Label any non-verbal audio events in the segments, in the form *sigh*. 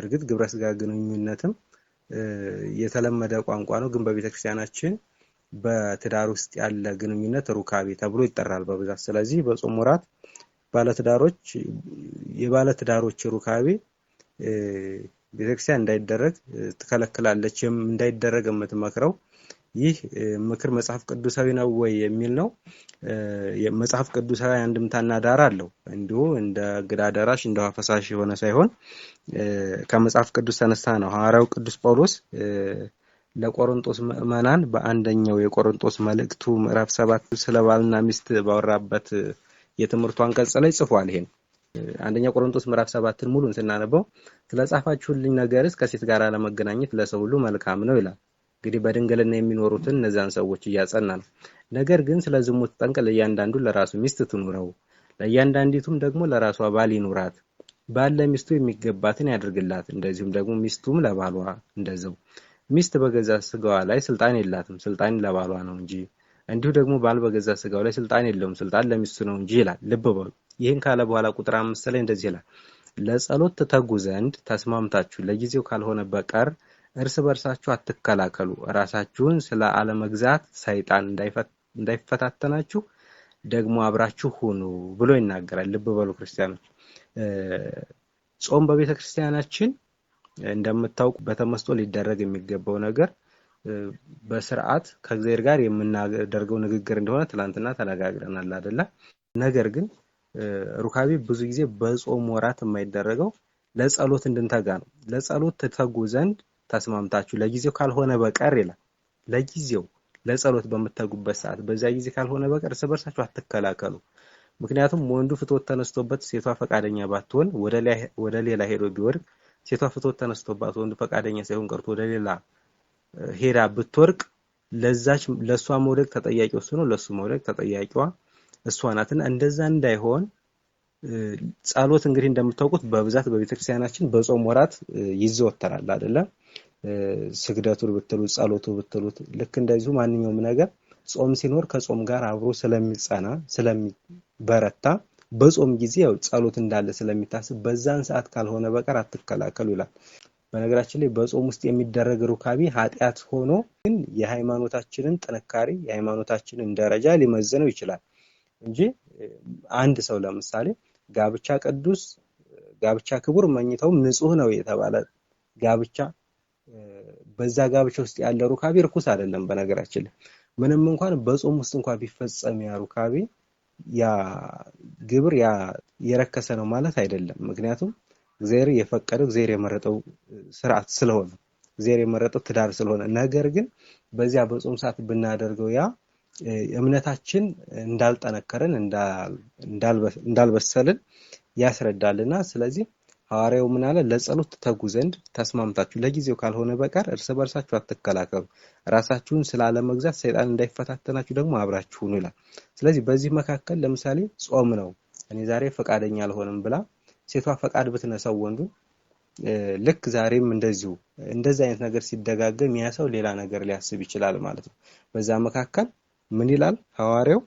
እርግጥ ግብረ ስጋ ግንኙነትም የተለመደ ቋንቋ ነው፣ ግን በቤተክርስቲያናችን በትዳር ውስጥ ያለ ግንኙነት ሩካቤ ተብሎ ይጠራል በብዛት። ስለዚህ በጾም ወራት ባለትዳሮች የባለትዳሮች ሩካቤ ቤተክርስቲያን እንዳይደረግ ትከለክላለች፣ እንዳይደረግ የምትመክረው ይህ ምክር መጽሐፍ ቅዱሳዊ ነው ወይ የሚል ነው። መጽሐፍ ቅዱሳዊ አንድምታና ዳራ አለው። እንዲሁ እንደ ግዳ አዳራሽ እንደ ውሃ ፈሳሽ የሆነ ሳይሆን ከመጽሐፍ ቅዱስ ተነስታ ነው ሐዋርያው ቅዱስ ጳውሎስ ለቆሮንጦስ ምዕመናን በአንደኛው የቆሮንጦስ መልእክቱ ምዕራፍ ሰባት ስለ ባልና ሚስት ባወራበት የትምህርቱ አንቀጽ ላይ ጽፏል። ይሄን አንደኛ ቆሮንጦስ ምዕራፍ ሰባትን ሙሉን ስናነበው ስለጻፋችሁልኝ ነገርስ ከሴት ጋር ለመገናኘት ለሰው ሁሉ መልካም ነው ይላል። እንግዲህ በድንግልና የሚኖሩትን እነዚያን ሰዎች እያጸና ነው። ነገር ግን ስለ ዝሙት ጠንቅ ለእያንዳንዱ ለራሱ ሚስት ትኑረው፣ ለእያንዳንዲቱም ደግሞ ለራሷ ባል ይኑራት። ባል ለሚስቱ የሚገባትን ያድርግላት፣ እንደዚሁም ደግሞ ሚስቱም ለባሏ እንደዚው። ሚስት በገዛ ስጋዋ ላይ ስልጣን የላትም፣ ስልጣን ለባሏ ነው እንጂ። እንዲሁ ደግሞ ባል በገዛ ስጋው ላይ ስልጣን የለውም፣ ስልጣን ለሚስቱ ነው እንጂ ይላል። ልብ በሉ። ይህን ካለ በኋላ ቁጥር አምስት ላይ እንደዚህ ይላል፣ ለጸሎት ትተጉ ዘንድ ተስማምታችሁ ለጊዜው ካልሆነ በቀር እርስ በርሳችሁ አትከላከሉ፣ ራሳችሁን ስለ አለመግዛት ሰይጣን እንዳይፈታተናችሁ ደግሞ አብራችሁ ሁኑ ብሎ ይናገራል። ልብ በሉ ክርስቲያኖች። ጾም በቤተ ክርስቲያናችን እንደምታውቁ በተመስጦ ሊደረግ የሚገባው ነገር በስርዓት ከእግዚአብሔር ጋር የምናደርገው ንግግር እንደሆነ ትናንትና ተነጋግረናል አይደለ? ነገር ግን ሩካቤ ብዙ ጊዜ በጾም ወራት የማይደረገው ለጸሎት እንድንተጋ ነው። ለጸሎት ትተጉ ዘንድ ተስማምታችሁ ለጊዜው ካልሆነ በቀር ይላል። ለጊዜው ለጸሎት በምትተጉበት ሰዓት በዚያ ጊዜ ካልሆነ በቀር እርስ በርሳችሁ አትከላከሉ። ምክንያቱም ወንዱ ፍትወት ተነስቶበት ሴቷ ፈቃደኛ ባትሆን ወደ ሌላ ሄዶ ቢወርቅ ሴቷ ፍትወት ተነስቶባት ወንዱ ፈቃደኛ ሳይሆን ቀርቶ ወደ ሌላ ሄዳ ብትወርቅ ለዛች ለእሷ መውደቅ ተጠያቂ እሱ ነው። ለእሱ መውደቅ ተጠያቂዋ እሷ ናትና እንደዛ እንዳይሆን ጸሎት እንግዲህ እንደምታውቁት በብዛት በቤተክርስቲያናችን በጾም ወራት ይዘወተራል አይደለም። ስግደቱን ብትሉት ጸሎቱ ብትሉት ልክ እንደዚሁ ማንኛውም ነገር ጾም ሲኖር ከጾም ጋር አብሮ ስለሚጸና ስለሚበረታ በጾም ጊዜ ያው ጸሎት እንዳለ ስለሚታስብ በዛን ሰዓት ካልሆነ በቀር አትከላከሉ ይላል። በነገራችን ላይ በጾም ውስጥ የሚደረግ ሩካቤ ኃጢአት ሆኖ ግን የሃይማኖታችንን ጥንካሬ የሃይማኖታችንን ደረጃ ሊመዝነው ይችላል እንጂ አንድ ሰው ለምሳሌ ጋብቻ ቅዱስ፣ ጋብቻ ክቡር፣ መኝታውም ንጹህ ነው የተባለ ጋብቻ በዛ ጋብቻ ውስጥ ያለ ሩካቤ ርኩስ አይደለም። በነገራችን ላይ ምንም እንኳን በጾም ውስጥ እንኳን ቢፈጸም ያ ሩካቤ ያ ግብር ያ የረከሰ ነው ማለት አይደለም። ምክንያቱም እግዚአብሔር የፈቀደው እግዚአብሔር የመረጠው ስርዓት ስለሆነ እግዚአብሔር የመረጠው ትዳር ስለሆነ፣ ነገር ግን በዚያ በጾም ሰዓት ብናደርገው ያ እምነታችን እንዳልጠነከረን እንዳልበሰልን ያስረዳልና ስለዚህ ሐዋርያው ምን አለ? ለጸሎት ትተጉ ዘንድ ተስማምታችሁ ለጊዜው ካልሆነ በቀር እርስ በርሳችሁ አትከላከሉ፣ ራሳችሁን ስላለመግዛት ሰይጣን እንዳይፈታተናችሁ ደግሞ አብራችሁ ይላል። ስለዚህ በዚህ መካከል ለምሳሌ ጾም ነው። እኔ ዛሬ ፈቃደኛ አልሆንም ብላ ሴቷ ፈቃድ ብትነሳው ወንዱ ልክ ዛሬም እንደዚሁ እንደዚህ አይነት ነገር ሲደጋገም ያ ሰው ሌላ ነገር ሊያስብ ይችላል ማለት ነው። በዛ መካከል ምን ይላል ሐዋርያው?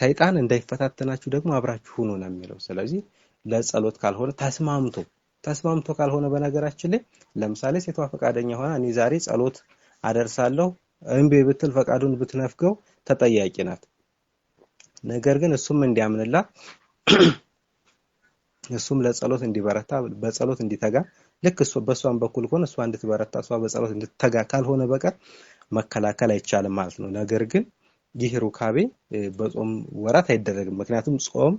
ሰይጣን እንዳይፈታተናችሁ ደግሞ አብራችሁ ሁኑ ነው የሚለው። ስለዚህ ለጸሎት ካልሆነ ተስማምቶ ተስማምቶ ካልሆነ በነገራችን ላይ ለምሳሌ ሴቷ ፈቃደኛ ሆና እኔ ዛሬ ጸሎት አደርሳለሁ እምቢ ብትል ፈቃዱን ብትነፍገው ተጠያቂ ናት። ነገር ግን እሱም እንዲያምንላት *clears throat* እሱም ለጸሎት እንዲበረታ በጸሎት እንዲተጋ ልክ እሱ በእሷን በኩል ከሆነ እሷ እንድትበረታ እሷ በጸሎት እንድትተጋ ካልሆነ በቀር መከላከል አይቻልም ማለት ነው። ነገር ግን ይህ ሩካቤ በጾም ወራት አይደረግም። ምክንያቱም ጾም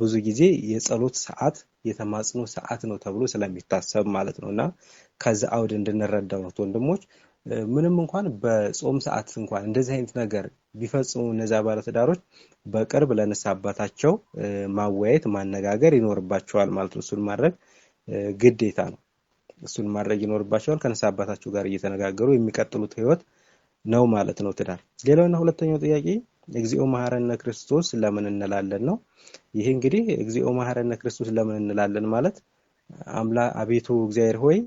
ብዙ ጊዜ የጸሎት ሰዓት የተማጽኖ ሰዓት ነው ተብሎ ስለሚታሰብ ማለት ነው እና ከዚ አውድ እንድንረዳው ነው ወንድሞች። ምንም እንኳን በጾም ሰዓት እንኳን እንደዚህ አይነት ነገር ቢፈጽሙ እነዚያ ባለትዳሮች በቅርብ ለንስሐ አባታቸው ማወያየት ማነጋገር ይኖርባቸዋል ማለት ነው። እሱን ማድረግ ግዴታ ነው። እሱን ማድረግ ይኖርባቸዋል። ከንስሐ አባታቸው ጋር እየተነጋገሩ የሚቀጥሉት ህይወት ነው ማለት ነው ትዳር። ሌላውና ሁለተኛው ጥያቄ እግዚኦ መሐረነ ክርስቶስ ለምን እንላለን ነው። ይህ እንግዲህ እግዚኦ መሐረነ ክርስቶስ ለምን እንላለን ማለት አምላ አቤቱ እግዚአብሔር ሆይ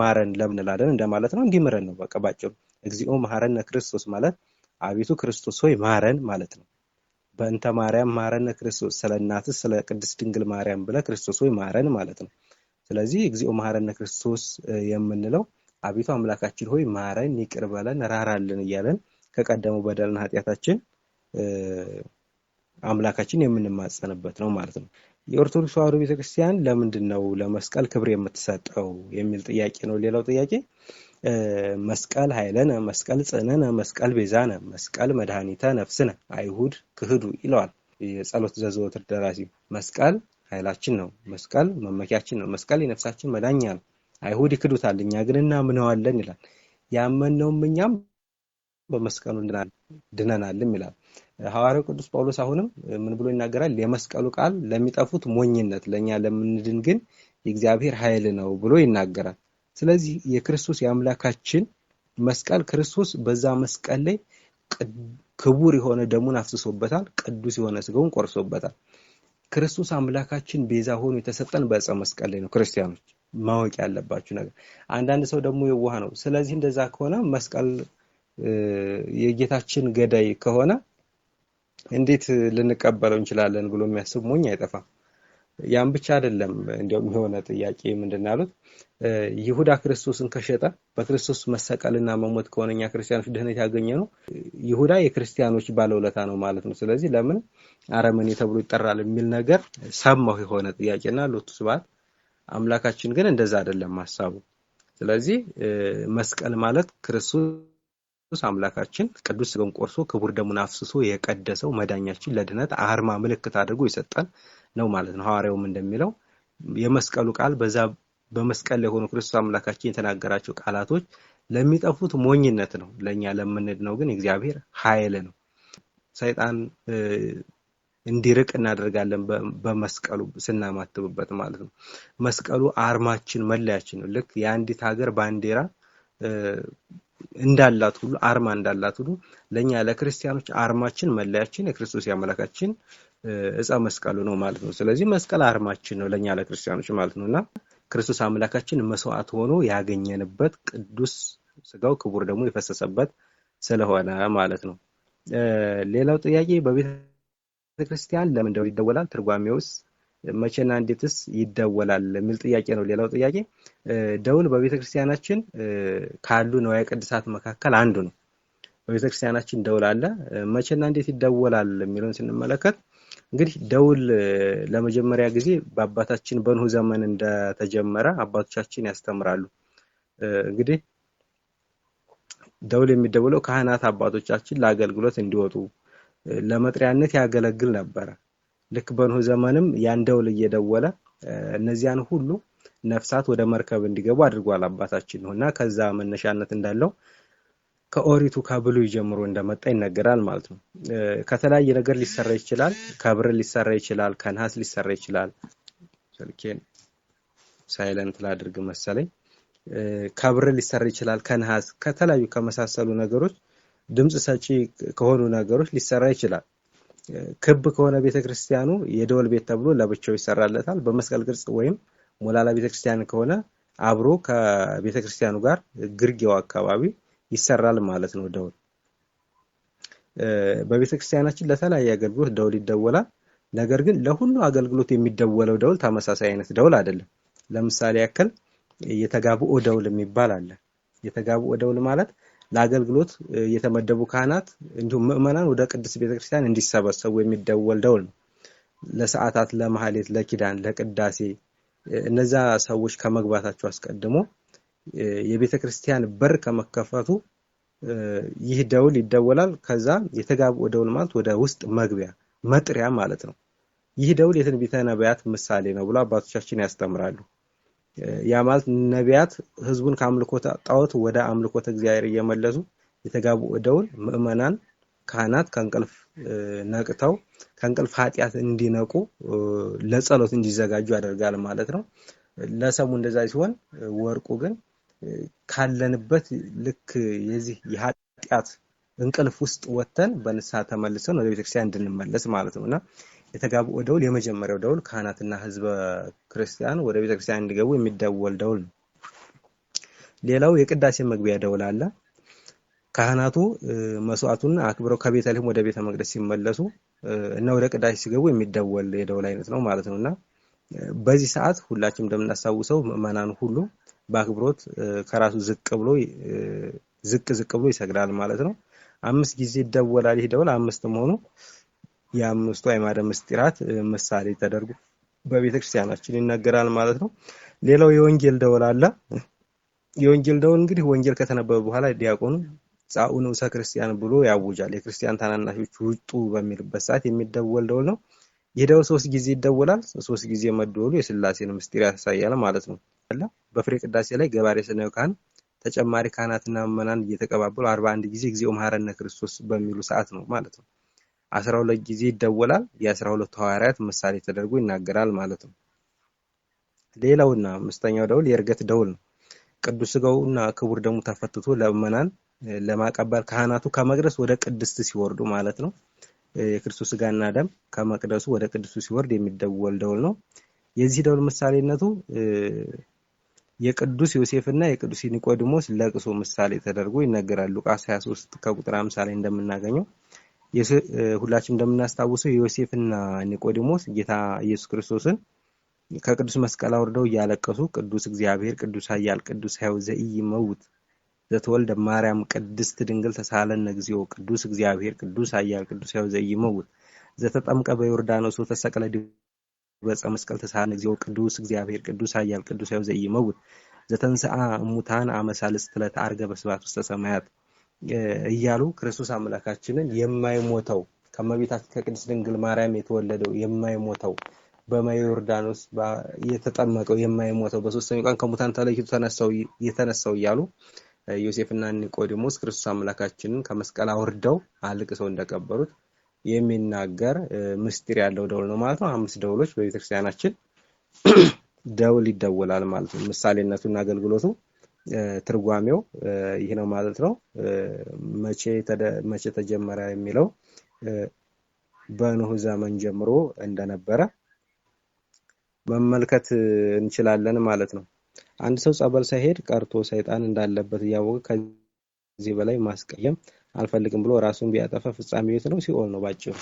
ማረን ለምን እንላለን እንደማለት ነው። እንዲምረን ነው በቃ ባጭሩ። እግዚኦ መሐረነ ክርስቶስ ማለት አቤቱ ክርስቶስ ሆይ ማረን ማለት ነው። በእንተ ማርያም ማረነ ክርስቶስ፣ ስለ ስለ ቅድስት ድንግል ማርያም ብለህ ክርስቶስ ሆይ ማረን ማለት ነው። ስለዚህ እግዚኦ መሐረነ ክርስቶስ የምንለው አቤቱ አምላካችን ሆይ ማረን፣ ይቅር በለን፣ ራራልን እያለን ከቀደመው በደልና ኃጢአታችን አምላካችን የምንማጸንበት ነው ማለት ነው። የኦርቶዶክስ ተዋሕዶ ቤተክርስቲያን ለምንድን ነው ለመስቀል ክብር የምትሰጠው የሚል ጥያቄ ነው። ሌላው ጥያቄ መስቀል ኃይለነ፣ መስቀል ጽዕነነ፣ መስቀል ቤዛነ፣ መስቀል መድኃኒተ ነፍስነ አይሁድ ክህዱ ይለዋል የጸሎት ዘዘወትር ደራሲ። መስቀል ኃይላችን ነው። መስቀል መመኪያችን ነው። መስቀል የነፍሳችን መዳኛ ነው። አይሁድ ይክዱታል፣ እኛ ግን እናምነዋለን ይላል። ያመነውም እኛም በመስቀሉ ድነናልም ይላል ሐዋርያው ቅዱስ ጳውሎስ። አሁንም ምን ብሎ ይናገራል? የመስቀሉ ቃል ለሚጠፉት ሞኝነት፣ ለእኛ ለምንድን ግን የእግዚአብሔር ኃይል ነው ብሎ ይናገራል። ስለዚህ የክርስቶስ የአምላካችን መስቀል ክርስቶስ በዛ መስቀል ላይ ክቡር የሆነ ደሙን አፍስሶበታል። ቅዱስ የሆነ ስጋውን ቆርሶበታል። ክርስቶስ አምላካችን ቤዛ ሆኖ የተሰጠን በዕፀ መስቀል ላይ ነው። ክርስቲያኖች ማወቅ ያለባችሁ ነገር። አንዳንድ ሰው ደግሞ የዋህ ነው። ስለዚህ እንደዛ ከሆነ መስቀል የጌታችን ገዳይ ከሆነ እንዴት ልንቀበለው እንችላለን ብሎ የሚያስብ ሞኝ አይጠፋም። ያም ብቻ አይደለም። እንዲያውም የሆነ ጥያቄ ምንድን ያሉት ይሁዳ ክርስቶስን ከሸጠ በክርስቶስ መሰቀልና መሞት ከሆነ እኛ ክርስቲያኖች ድህነት ያገኘ ነው። ይሁዳ የክርስቲያኖች ባለውለታ ነው ማለት ነው። ስለዚህ ለምን አረመኔ ተብሎ ይጠራል የሚል ነገር ሰማሁ። የሆነ ጥያቄና ሎቱ ስብሐት። አምላካችን ግን እንደዛ አይደለም ሀሳቡ። ስለዚህ መስቀል ማለት ክርስቶስ ክርስቶስ አምላካችን ቅዱስ ሥጋውን ቆርሶ ክቡር ደሙን አፍስሶ የቀደሰው መዳኛችን ለድነት አርማ ምልክት አድርጎ የሰጠን ነው ማለት ነው። ሐዋርያውም እንደሚለው የመስቀሉ ቃል በዛ በመስቀል ላይ ሆኖ ክርስቶስ አምላካችን የተናገራቸው ቃላቶች ለሚጠፉት ሞኝነት ነው፣ ለእኛ ነው ግን እግዚአብሔር ኃይል ነው። ሰይጣን እንዲርቅ እናደርጋለን በመስቀሉ ስናማትብበት ማለት ነው። መስቀሉ አርማችን መለያችን ነው። ልክ የአንዲት ሀገር ባንዲራ እንዳላት ሁሉ አርማ እንዳላት ሁሉ ለእኛ ለክርስቲያኖች አርማችን፣ መለያችን የክርስቶስ ያመላካችን እፀ መስቀሉ ነው ማለት ነው። ስለዚህ መስቀል አርማችን ነው ለእኛ ለክርስቲያኖች ማለት ነው እና ክርስቶስ አምላካችን መስዋዕት ሆኖ ያገኘንበት ቅዱስ ስጋው ክቡር ደግሞ የፈሰሰበት ስለሆነ ማለት ነው። ሌላው ጥያቄ በቤተ ክርስቲያን ለምን ደወል ይደወላል? ትርጓሜውስ መቼና እንዴትስ ይደወላል የሚል ጥያቄ ነው። ሌላው ጥያቄ ደውል በቤተ ክርስቲያናችን ካሉ ንዋየ ቅድሳት መካከል አንዱ ነው። በቤተ ክርስቲያናችን ደውል አለ። መቼና እንዴት ይደወላል የሚለውን ስንመለከት እንግዲህ ደውል ለመጀመሪያ ጊዜ በአባታችን በኖህ ዘመን እንደተጀመረ አባቶቻችን ያስተምራሉ። እንግዲህ ደውል የሚደውለው ካህናት አባቶቻችን ለአገልግሎት እንዲወጡ ለመጥሪያነት ያገለግል ነበረ። ልክ በኖህ ዘመንም ያን ደውል እየደወለ እነዚያን ሁሉ ነፍሳት ወደ መርከብ እንዲገቡ አድርጓል አባታችን ነው እና ከዛ መነሻነት እንዳለው ከኦሪቱ ከብሉይ ጀምሮ እንደመጣ ይነገራል ማለት ነው። ከተለያየ ነገር ሊሰራ ይችላል። ከብር ሊሰራ ይችላል። ከነሐስ ሊሰራ ይችላል። ስልኬን ሳይለንት ላድርግ መሰለኝ። ከብር ሊሰራ ይችላል። ከነሐስ ከተለያዩ ከመሳሰሉ ነገሮች ድምፅ ሰጪ ከሆኑ ነገሮች ሊሰራ ይችላል። ክብ ከሆነ ቤተክርስቲያኑ የደወል ቤት ተብሎ ለብቻው ይሰራለታል። በመስቀል ቅርጽ ወይም ሞላላ ቤተክርስቲያን ከሆነ አብሮ ከቤተክርስቲያኑ ጋር ግርጌው አካባቢ ይሰራል ማለት ነው ደወል። በቤተክርስቲያናችን ለተለያየ አገልግሎት ደወል ይደወላል። ነገር ግን ለሁሉ አገልግሎት የሚደወለው ደውል ተመሳሳይ አይነት ደውል አይደለም። ለምሳሌ ያክል የተጋብኦ ደውል የሚባል አለ። የተጋብኦ ደውል ማለት ለአገልግሎት የተመደቡ ካህናት እንዲሁም ምእመናን ወደ ቅድስት ቤተክርስቲያን እንዲሰበሰቡ የሚደወል ደውል ነው። ለሰዓታት፣ ለመሐሌት፣ ለኪዳን፣ ለቅዳሴ እነዛ ሰዎች ከመግባታቸው አስቀድሞ የቤተ ክርስቲያን በር ከመከፈቱ ይህ ደውል ይደወላል። ከዛ የተጋቡ ደውል ማለት ወደ ውስጥ መግቢያ መጥሪያ ማለት ነው። ይህ ደውል የትንቢተ ነቢያት ምሳሌ ነው ብሎ አባቶቻችን ያስተምራሉ። ያ ማለት ነቢያት ህዝቡን ከአምልኮተ ጣዖት ወደ አምልኮተ እግዚአብሔር እየመለሱ የተጋቡ እደውን ምእመናን ካህናት ከእንቅልፍ ነቅተው ከእንቅልፍ ኃጢአት እንዲነቁ ለጸሎት እንዲዘጋጁ ያደርጋል ማለት ነው። ለሰሙ እንደዛ ሲሆን ወርቁ ግን ካለንበት ልክ የዚህ የኃጢአት እንቅልፍ ውስጥ ወጥተን በንስሐ ተመልሰን ወደ ቤተክርስቲያን እንድንመለስ ማለት ነው እና የተጋብኦ ደውል የመጀመሪያው ደውል ካህናትና ህዝበ ክርስቲያን ወደ ቤተ ክርስቲያን እንዲገቡ የሚደወል ደውል ነው። ሌላው የቅዳሴ መግቢያ ደውል አለ። ካህናቱ መስዋዕቱን አክብረው ከቤተልሔም ወደ ቤተ መቅደስ ሲመለሱ እና ወደ ቅዳሴ ሲገቡ የሚደወል የደውል አይነት ነው ማለት ነው እና በዚህ ሰዓት ሁላችንም እንደምናስታውሰው ምዕመናን ሁሉ በአክብሮት ከራሱ ዝቅ ብሎ ዝቅ ዝቅ ብሎ ይሰግዳል ማለት ነው። አምስት ጊዜ ይደወላል። ይህ ደውል አምስት መሆኑ የአምስቱ አእማደ ምስጢራት ምሳሌ ተደርጎ በቤተ ክርስቲያናችን ይነገራል ማለት ነው። ሌላው የወንጌል ደወል አለ። የወንጌል ደወል እንግዲህ ወንጌል ከተነበበ በኋላ ዲያቆኑ ጻኡ ንዑሰ ክርስቲያን ብሎ ያውጃል። የክርስቲያን ታናናሾች ውጡ በሚልበት ሰዓት የሚደወል ደወል ነው። ይህ ደወል ሶስት ጊዜ ይደወላል። ሶስት ጊዜ መደወሉ የስላሴን ምስጢር ያሳያል ማለት ነው። በፍሬ ቅዳሴ ላይ ገባሬ ስነ ካህን ተጨማሪ ካህናትና ምዕመናን እየተቀባበሉ አርባ አንድ ጊዜ ጊዜው መሐረነ ክርስቶስ በሚሉ ሰዓት ነው ማለት ነው። አስራ ሁለት ጊዜ ይደወላል። የአስራ ሁለቱ ሐዋርያት ምሳሌ ተደርጎ ይናገራል ማለት ነው። ሌላውና አምስተኛው ደውል የእርገት ደውል ነው። ቅዱስ እና ክቡር ደሙ ተፈትቶ ለምእመናን ለማቀበል ካህናቱ ከመቅደስ ወደ ቅድስት ሲወርዱ ማለት ነው። የክርስቶስ ሥጋና ደም ከመቅደሱ ወደ ቅድስቱ ሲወርድ የሚደወል ደውል ነው። የዚህ ደውል ምሳሌነቱ የቅዱስ ዮሴፍና የቅዱስ ኒቆዲሞስ ለቅሶ ምሳሌ ተደርጎ ይነገራል። ሉቃስ 23 ከቁጥር 50 ላይ እንደምናገኘው ሁላችን እንደምናስታውሰው ዮሴፍና ኒቆዲሞስ ጌታ ኢየሱስ ክርስቶስን ከቅዱስ መስቀል አውርደው እያለቀሱ ቅዱስ እግዚአብሔር ቅዱስ ኃያል ቅዱስ ሕያው ዘኢይመውት ዘተወልደ ማርያም ቅድስት ድንግል ተሳለነ እግዚኦ ቅዱስ እግዚአብሔር ቅዱስ ኃያል ቅዱስ ሕያው ዘኢይመውት ዘተጠምቀ በዮርዳኖስ ተሰቀለ ድበፀ መስቀል ተሳለነ እግዚኦ ቅዱስ እግዚአብሔር ቅዱስ ኃያል ቅዱስ ሕያው ዘኢይመውት ዘተንሰአ ሙታን አመሳልስት ዕለተ አርገ በስብሐት ውስተ ሰማያት እያሉ ክርስቶስ አምላካችንን የማይሞተው ከመቤታችን ከቅድስት ድንግል ማርያም የተወለደው የማይሞተው በማዮርዳኖስ የተጠመቀው የማይሞተው በሶስተኛው ቀን ከሙታን ተለይቶ የተነሳው እያሉ ዮሴፍና ኒቆዲሞስ ክርስቶስ አምላካችንን ከመስቀል አውርደው አልቅሰው እንደቀበሩት የሚናገር ምስጢር ያለው ደውል ነው ማለት ነው። አምስት ደውሎች በቤተክርስቲያናችን *clears throat* ደውል ይደወላል ማለት ነው። ምሳሌነቱና አገልግሎቱ ትርጓሜው ይህ ነው ማለት ነው። መቼ ተጀመረ የሚለው በኑህ ዘመን ጀምሮ እንደነበረ መመልከት እንችላለን ማለት ነው። አንድ ሰው ጸበል ሳይሄድ ቀርቶ ሰይጣን እንዳለበት እያወቀ ከዚህ በላይ ማስቀየም አልፈልግም ብሎ ራሱን ቢያጠፋ ፍጻሜ ቤት ነው፣ ሲኦል ነው። ባጭሩ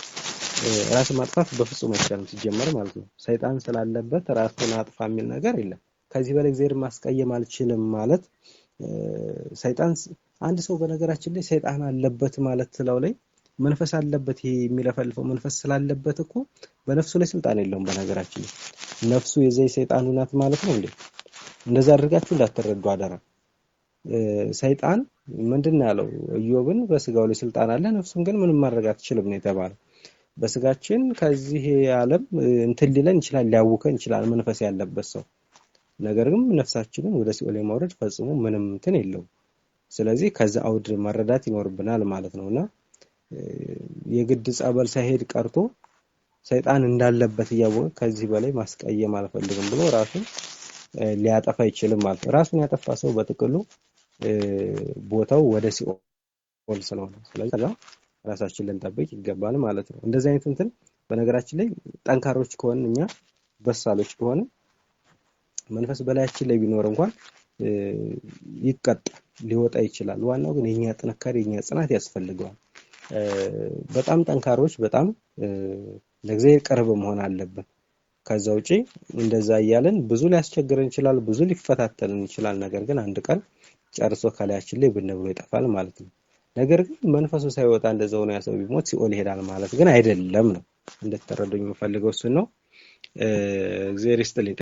ራስን ማጥፋት በፍጹም አይቻልም ሲጀመር ማለት ነው። ሰይጣን ስላለበት ራስን አጥፋ የሚል ነገር የለም። ከዚህ በላይ እግዚአብሔር ማስቀየም አልችልም ማለት ሰይጣን አንድ ሰው በነገራችን ላይ ሰይጣን አለበት ማለት ስለው ላይ መንፈስ አለበት ይሄ የሚለፈልፈው መንፈስ ስላለበት እኮ በነፍሱ ላይ ስልጣን የለውም። በነገራችን ላይ ነፍሱ የዚያ ሰይጣኑ ናት ማለት ነው እንዴ! እንደዛ አድርጋችሁ እንዳትረዱ አደራ። ሰይጣን ምንድን ያለው እዮብን በስጋው ላይ ስልጣን አለ፣ ነፍሱን ግን ምንም ማድረግ አትችልም ነው የተባለው። በስጋችን ከዚህ ዓለም እንትን ሊለን ይችላል፣ ሊያውከን ይችላል መንፈስ ያለበት ሰው ነገር ግን ነፍሳችንን ወደ ሲኦል የማውረድ ፈጽሞ ምንም እንትን የለው። ስለዚህ ከዛ አውድ መረዳት ይኖርብናል ማለት ነው እና የግድ ጸበል ሳይሄድ ቀርቶ ሰይጣን እንዳለበት እያወቀ ከዚህ በላይ ማስቀየም አልፈልግም ብሎ ራሱን ሊያጠፋ አይችልም ማለት ነው። ራሱን ያጠፋ ሰው በጥቅሉ ቦታው ወደ ሲኦል ስለሆነ፣ ስለዚህ ራሳችን ልንጠብቅ ይገባል ማለት ነው። እንደዚህ አይነት እንትን በነገራችን ላይ ጠንካሮች ከሆን እኛ በሳሎች ከሆነ መንፈስ በላያችን ላይ ቢኖር እንኳን ይቀጣል፣ ሊወጣ ይችላል። ዋናው ግን የኛ ጥንካሬ የኛ ጽናት ያስፈልገዋል። በጣም ጠንካሮች፣ በጣም ለእግዚአብሔር ቅርብ መሆን አለብን። ከዛ ውጪ እንደዛ እያለን ብዙ ሊያስቸግረን ይችላል፣ ብዙ ሊፈታተልን ይችላል። ነገር ግን አንድ ቀን ጨርሶ ከላያችን ላይ ብን ብሎ ይጠፋል ማለት ነው። ነገር ግን መንፈሱ ሳይወጣ እንደዛ ሆኖ ያሰው ቢሞት ሲኦል ይሄዳል ማለት ግን አይደለም ነው። እንድትረዱኝ የምፈልገው እሱን ነው። እግዚአብሔር ይስጥልኝ።